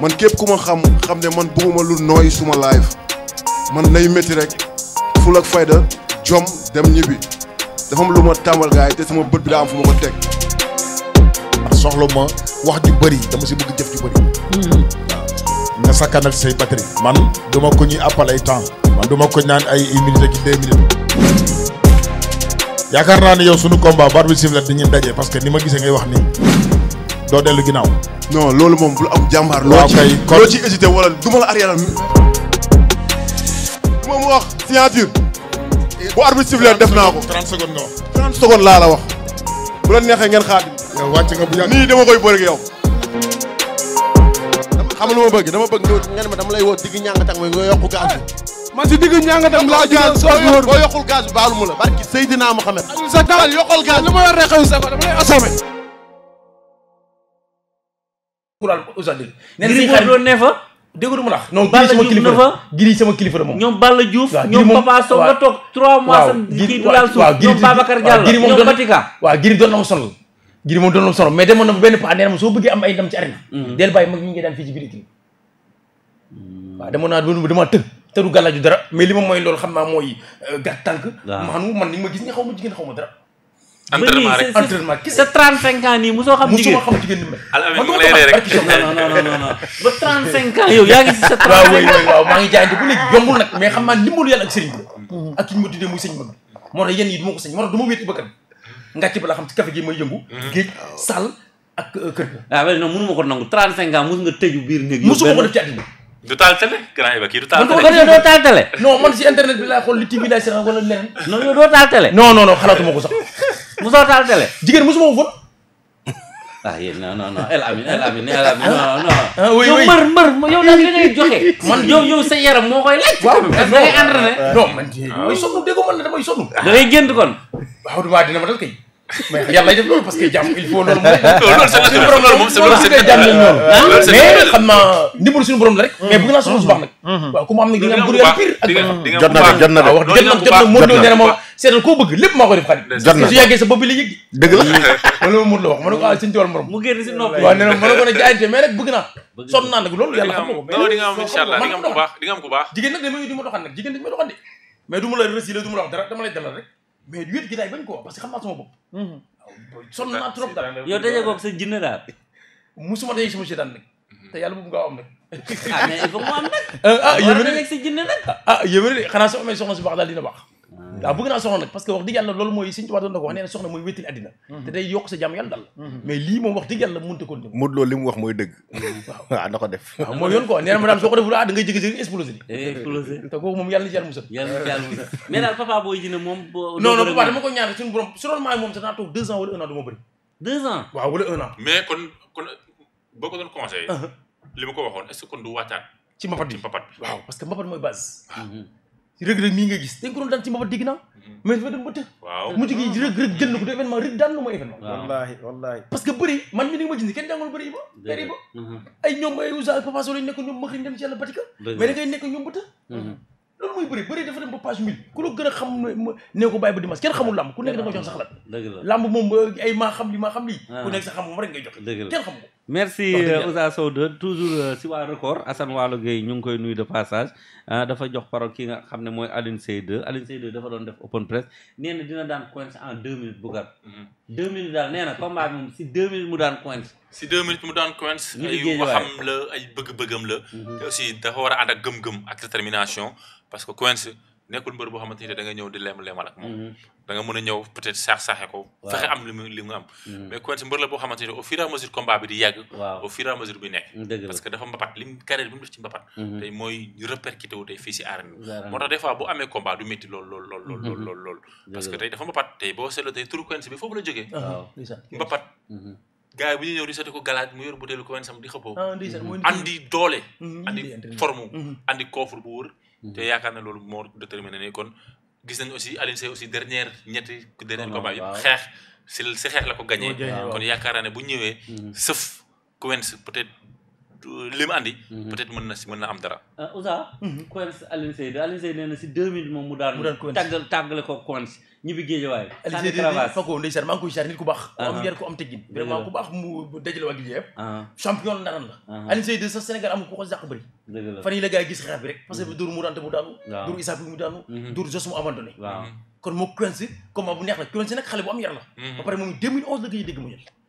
man képp ku ma xam xam ne man bëgguma lu nooy suma live man nay métti rek ful ak fayda jom dem ñibbi dafa am lu ma tàmbal gaay te sama bët bi laa am fu ma ko teg. ndax soxla ma wax ju bëri dama si bugg jëf ju bëri. waaw hmm. nga sakkanal say batterie. man duma ko ñuy appal ay temps. man duma ko naan ay une minute ak yaakaar naa ni yow sunu combat bar bi siflet dañuy daje parce que ni ma gisee ngay wax nii. doo dellu ginnaaw. non loolu moom bu am jàmbaar. waaw kay loo ci hésité wala du la arrière moom wax signature. bu arbitre def naa ko. 30 secondes nga wax. laa la wax. bu la neexee ngeen xaar. yow wàcc nga bu yàgg nii dama koy bëri yow. xam lu ma bëgg dama bëgg nga ne ma dama lay woo digg ñàngatang mooy nga yokku gaz bi. man si digg ñàngatang laa gaz boo boo yokkul gaz bi baalu ma la. barki Seydina Mohamed. sa dawal yokkal gaz bi lu ma yor rek xëy sa dama lay assommé. Alxuraan aujourd'hui neen si giri sama kilifa la giri sama kilifa la moom ñoom Balla Diouf ñoom Papa Sow na ma sonal giri moom doon na ma sonal mais demoon benn pas nee na ma soo bëggee am ay ndam ci arène mm-hmm. del bàyyi mag ñi ngi daan fii ci biir itam waaw demoon naa dama tëg tëru gàllaaju dara mais li ma mooy loolu xam naa mooy euh, gàtt tànk maanu man ni ma gis ni xaw ma jigéen xaw ma dara entraînement rek entraînement kese sa 35 ans nii mosoo xam jigéen mosoo xam jigéen ni mel. xam naa ndimbalu yàlla ak sëriñ bi mm-hmm. ak ki ñu ma tuddee moo tax yenn moo mm-hmm. euh, ah, taal télé grand Iba taal télé man yow doo taal télé. musoo taal télé. jigéen musuma wu fóot. ah yéen non El Amin El Amin El Amin non non. yow mër mër yow daal li joxe. man yow yow sa yaram moo koy laaj. waaw non parce que da ngay entraîné. non man de damay sonn dégg nga man damay sonn. da ngay gént kon. waaw du maa dina ma dal kay. mais yàlla def loolu parce que jàmm il la jàmm lañ mais naa ndimbalu naa soxla su baax nee na moom seetal koo bëgg maa koy def xarit jot na su yàggee sa bopp bi la yëg dëgg la man la wax ma ne ko ah sëñ ne ko ne jaayante naa sonn naa nag loolu yàlla xam na ko du ma la rësi la du ma la wax dara dama lay dalal rek mais wéet gi daay bañ ko parce que xam naa sama bopp. Mhm. waaw sonn naa trop daal. yow daje koog sa jinne daal. musuma daje sama seetaan nag. Mhm. te mu gaaw am nag. ah mais il faut mu am nag. Ah, ah yéen a nekk sa jinne nag. ah, ah a xanaa si baax dina baax. waaw ah, bëgg naa soxna nag parce que wax dëgg yàlla loolu mooy Sëñ Tuubaa hmm. te day yokk sa jàmm yàlla dal hmm. mais lii moom wax dëgg yàlla mënut a continuer Modou Lo mu wax mooy dëgg waaw hmm. ah, na ko mais kon kon uh-huh. du wàccaat ci mbapat bi mbapat mooy base rëg-rëg mii nga gis dañ ko doon daan ci mbapat dégg naa mhm. dafa dem ba të waaw mujj gi rëg-rëg jënd ko du événement rëg daan lu ma événement wallaahi wallaahi parce que bëri man mi ni nga ma jënd kenn jàngoon mhm. mhm. loolu mooy bëri bëri dafa dem ba page mille ku la gën a xam ne ko bàyyi ba dimanche kenn xamul làmb ku nekk da jox sa xalaat moom ay maa xam li lii ah. ku nekk sa xam moom rek ngay joxe kenn xam merci euh, Ousa Sow de toujours euh, si waa record assan Waalo Gueye ñu ngi koy nuyu de passage ah, dafa jox parole ki nga xam ne mooy Alioune Seye 2 Alioune Seye 2 dafa doon def open press nee dina daan Quench en deux minutes bu gàtt mhm. deux minutes daal nee na combat moom si deux minutes mu daan Quench si deux minutes mu daan Quench ay waxam ay bëgg-bëggam la mhm. te aussi dafa war a ànd ak gëm-gëm ak termination parce que Quench nekkul mbër boo xamante ni da da nga mën a ñëw peut saax-saaxe ko fexe am li mu li am mhm. mais Quench mbër la boo xamante ni au fur et à mesure combat bi di yàgg au fur et à nekk mm, parce que dafa mbapat lim carrière bi mu def ci mbapat tey boo seetloo turu Quench bi foofu la jógee mbapat mhm. gaay bu ñu ñëw di sotti ko galaat mu yor butéelu Quench di xëppoo ah, andi doole mhm. andi forme andi coffre bu wër Mhm. te yaakaar na loolu moo déterminé ne kon gis nañ aussi Alioune Seye aussi dernière ñetti dernier combat yi xeex si si xeex la ko gagné kon yaakaar naa ne bu ñëwee mhm. sëf Quench peut-être li mu andi. Mhm. peut-être mën na si mën na am dara. Euh, Ouza. Mhm. Coence Alioune Seyde deux minutes moom mu daan. mu daan Coence ko Coence ñibbi géejawaay. Alioune Seyde Fakko ndeysaan maa ngi nit ku baax. ku ah. am yar ku am teggin. vraiment ku baax mu dajale waa Guèye yëpp. Ah. champion naran la. Ah. Alioune Seyde sax Sénégal amul ku ko dàq bëri. dëgg la fan gis xeex bi rek. parce que mhm. Dóor mu daante mu daanu. waaw Dóor Issa bi mu daanu. Jos mu abandonné. kon moo Coence combat bu neex la Coence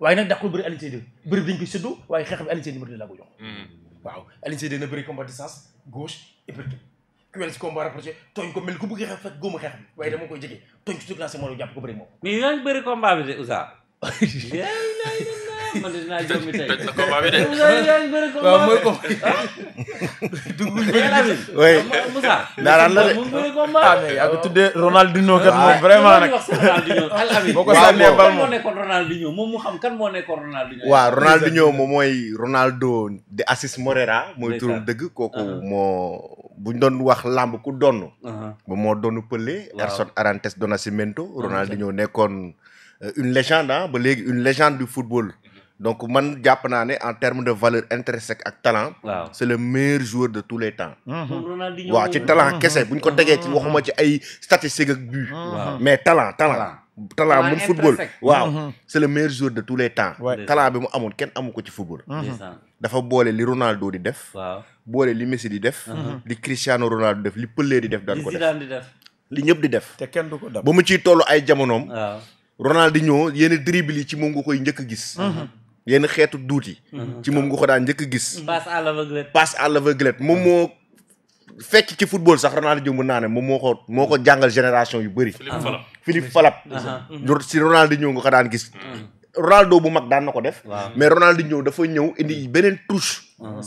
waaye nag dàqul bëri Alioune Seye 2 bëri bi dañ koy séddoo waaye xeex bi Alioune Seye numéro 2 laa ko hmm. waaw Alioune Seye 2 na bëri combat distance gauche et puis ku wel si combat rapproché tooñ ko mel ku bëgg xeex fekk góomu xeex bi waaye dama koy jege tooñ ko si classé moo jàpp ko bëri moom mais yaa ngi bëri combat bi de man de dinaa jóg mi tey. benn Ronaldinho ah, mooy Ronaldo de Assis Moreira mooy turam dëgg kooku ah. moo. bu ñu doon wax làmb ku donn ba moo doon Pelé. waaw Erson Arantes do Nascimento. Ah, Ronaldinho nekkoon eh, une légende ba léegi une légende du football. donc man jàpp naa ne en terme de valeur intrinsèque ak talent. waaw c'est le meilleur jour de tous les temps. Mhm. waaw ci talent kese bu ñu ko tegee ci mhm. waxuma ci ay statistiques ak but. Mhm. mais talent talent. talent moom football waaw c'est le meilleur jour de tous les temps. talent bi mu amoon kenn amu ko ci football. dafa boole li Ronaldo di def. boole li Messi di def. li Cristiano Ronaldo def li Pelé di def daan ko def. li ñëpp di def. te kenn du ko def ba mu ciy toll ay jamonoom. waaw Ronaldinho yenn dribble yi ci moom nga koy njëkk a gis. yenn xeetu duut mm-hmm. Mm-hmm. ci moom nga ko daan njëkk gis. Mm-hmm. passe à l'aveuglette passe à l'aveuglette moom moo fekk ci football sax Ronaldinho mën naa ne moom moo ko moo ko jàngal génération yu bëri. Philippe Falap ah. Philippe Falap. Uh-huh. si Ronaldinho nga ko daan gis. Ronaldo bu mag daan na ko def. mais ñëw dafa ñëw indi beneen touche.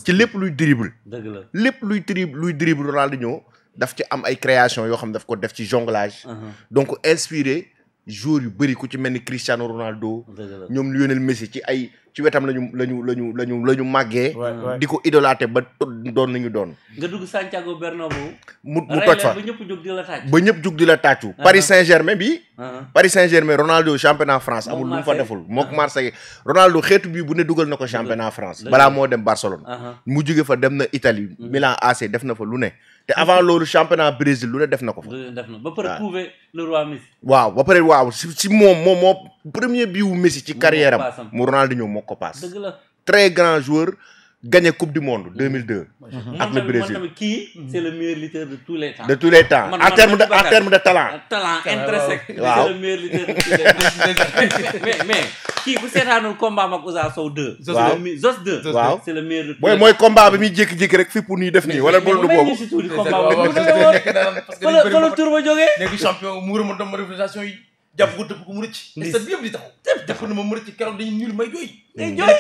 ci lépp luy dribble. dëgg la lépp luy dribble luy dribble Ronaldinho daf ci am ay création yoo xam daf ko def ci jonglage. donc inspiré. joueurs yu bëri ku ci mel ni Cristiano Ronaldo. ñoom Lionel Messi ci ay ci wetam lañu lañu lañu lañu la ñu màggee. di ko idolaate ba doon nañu doon. nga dugg Santiago Bernabéu. mu mu toj fa ba ñëpp jug di la tàccu. ba ñëpp jug di la tàccu. Uh-huh. Paris Saint-Germain bi. Uh-huh. Paris Saint-Germain Ronaldo championnat France amul lu mu fa deful mook uh-huh. Marseille. Ronaldo xeetu bi bu ne dugal na ko championnat France. balaa moo dem Barcelone. mu jóge fa dem na Italie. Milan AC def na fa lu ne. te avant loolu championnat Brésil lu ne def na ko fa. def na ba pare prouver le roi Messi. waaw ba pare waaw si si moom moom moo premier but wu Messi ci carrière am mu Ronaldinho moo ko paas. dëgg la très grand joueur. gagné coupe du monde 2002. Mm. Mm. ak le Brésil moom tamit kii le meilleur lutteur de tous les temps. de tous les temps en terme de en talent. talent waaw kii bu seetaanul combat mag Ousa Sow 2. waaw Zos 2. waaw c'est mooy mooy bi muy jékki-jékki rek fippu nii def nii wala boolu boobu. boobu ko mu rëcc. stade bi yëpp di may jooy. day jooy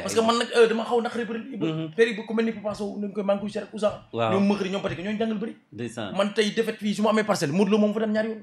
parce que man nag euh, dama xaw naqari bëri. Mm-hmm. père yi ku mel ni Papa Sow koy maa ngi koy seet ak Ousa. waaw ñoom mëxëri ñoom Batika ñooñu jàngal bëri. man tey defet fii su ma amee parcelle Modou Lo moom fa dem ñaari yoon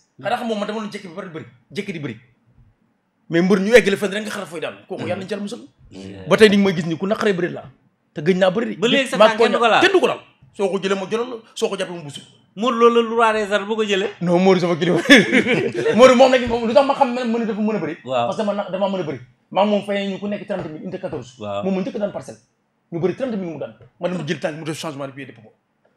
xanaa xam moom man dama doon jékki ba pare bëri di bëri mais mbër ñu eggale fenn rek nga xara fooy daal ko ko laal soo ma jëloon la soo ko jàppee mu sax bu ko jëlee non Modou sama a dafa mën a bëri parce que man dama mën a bëri maa moom fayee ñu ku nekk mu njëkk mu jël tànk changement de pied de popo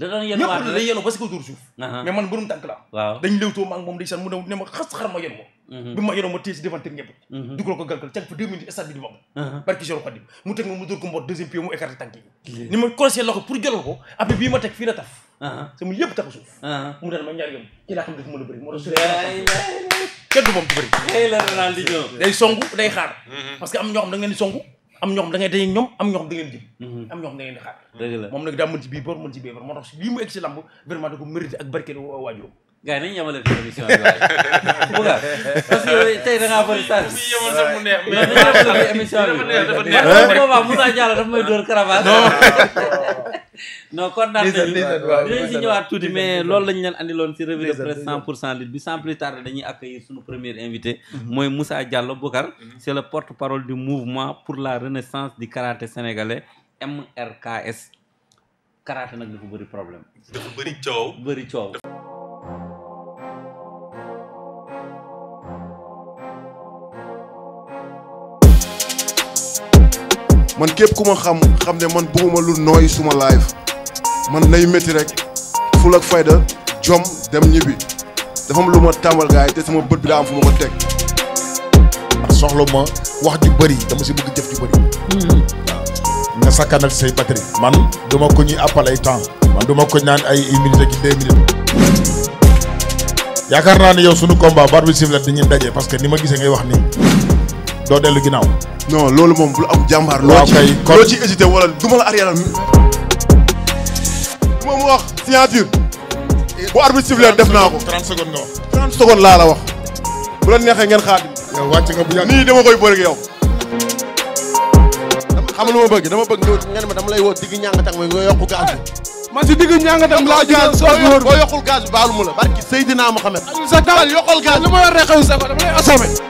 da doon yenu waat ba si ko dóor suuf mais man mbërum tànk la dañ léewtoo ma moom ndeysaan mu ne ne ma xas xar ma yenu ma mhm. bi ma yenu ma mhm. deux minutes mu teg ma mu mu écarté taf suuf mu daan ma ñaar yoon ci laa xam dafa mën a bëri moo tax su kenn moom ci bëri day songu day xaar mhm. parce que am ñoo xam da ngeen songu am ñoom da ngay daje ñoom am ñoom da ngeen jëm mhm. am ñoom da ngeen di xaar moom nag daa mën ci bii bor mën ci bii bor moo tax lii mu egg si lamb vraiment da ko mérité ak barkeel waajur gaa yi nañu yemale fi émission bi waaye Bouga parce que tey da ngaa bëri tànn. muy yemal sax mu neex mais dañoo bëri émission bi dafa neex dafa neex boobaa Moussa Diallo dafa may dóor caravane. non kontaan nañu dinañ si ñëwaat tuuti mais loolu lañu leen andiloon si revue de presse 100 pour cent lutte bi sans plus tarder dañuy accueillir suñu premier invité mhm. mooy Moussa Diallo Boucar mhm. c' est le porte parole du mouvement pour la renaissance du karaté sénégalais MRKS karaté nag dafa bëri problème dafa bëri coow bëri coow man képp ku ma xam xam ne man bëgguma lu nooy suma live man nay métti rek ful ak fayda jom dem ñibbi dafa am lu ma tàmbal gars yi te sama bët bi daa am fu ma ko teg. Ah, soxla ma wax ju bëri dama si bëgg jëf ju bëri. waaw hmm. nga sakkanal say batterie. man duma ko ñuy appal ay temps. man duma ko naan ay une minute ak yaakaar naa ne yow sunu combat bar bi siflet dañuy daje parce que ni ma gisee ngay wax nii. doo dellu ginnaaw. non loolu moom bu am jàmbaar. loo ciy hésité wala du ma a arrière mi. bu ma wax signature. bu arbitre sifflé def naa ko. 30 secondes nga wax. 30 secondes laa la wax. bu la neexee ngeen xaar. yow wàcc nga bu yàgg nii dama koy bëri ak yow. xam nga lu ma bëgg dama bëgg ngeen ma dama lay woo digg ñàngatang mooy nga yokk gaz bi. man si digg ñàngatang laa gaz soo yor boo yokkul gaz bi baalu mu la barki Seydina Mohamed. sa taal yokkal ma lay assommé.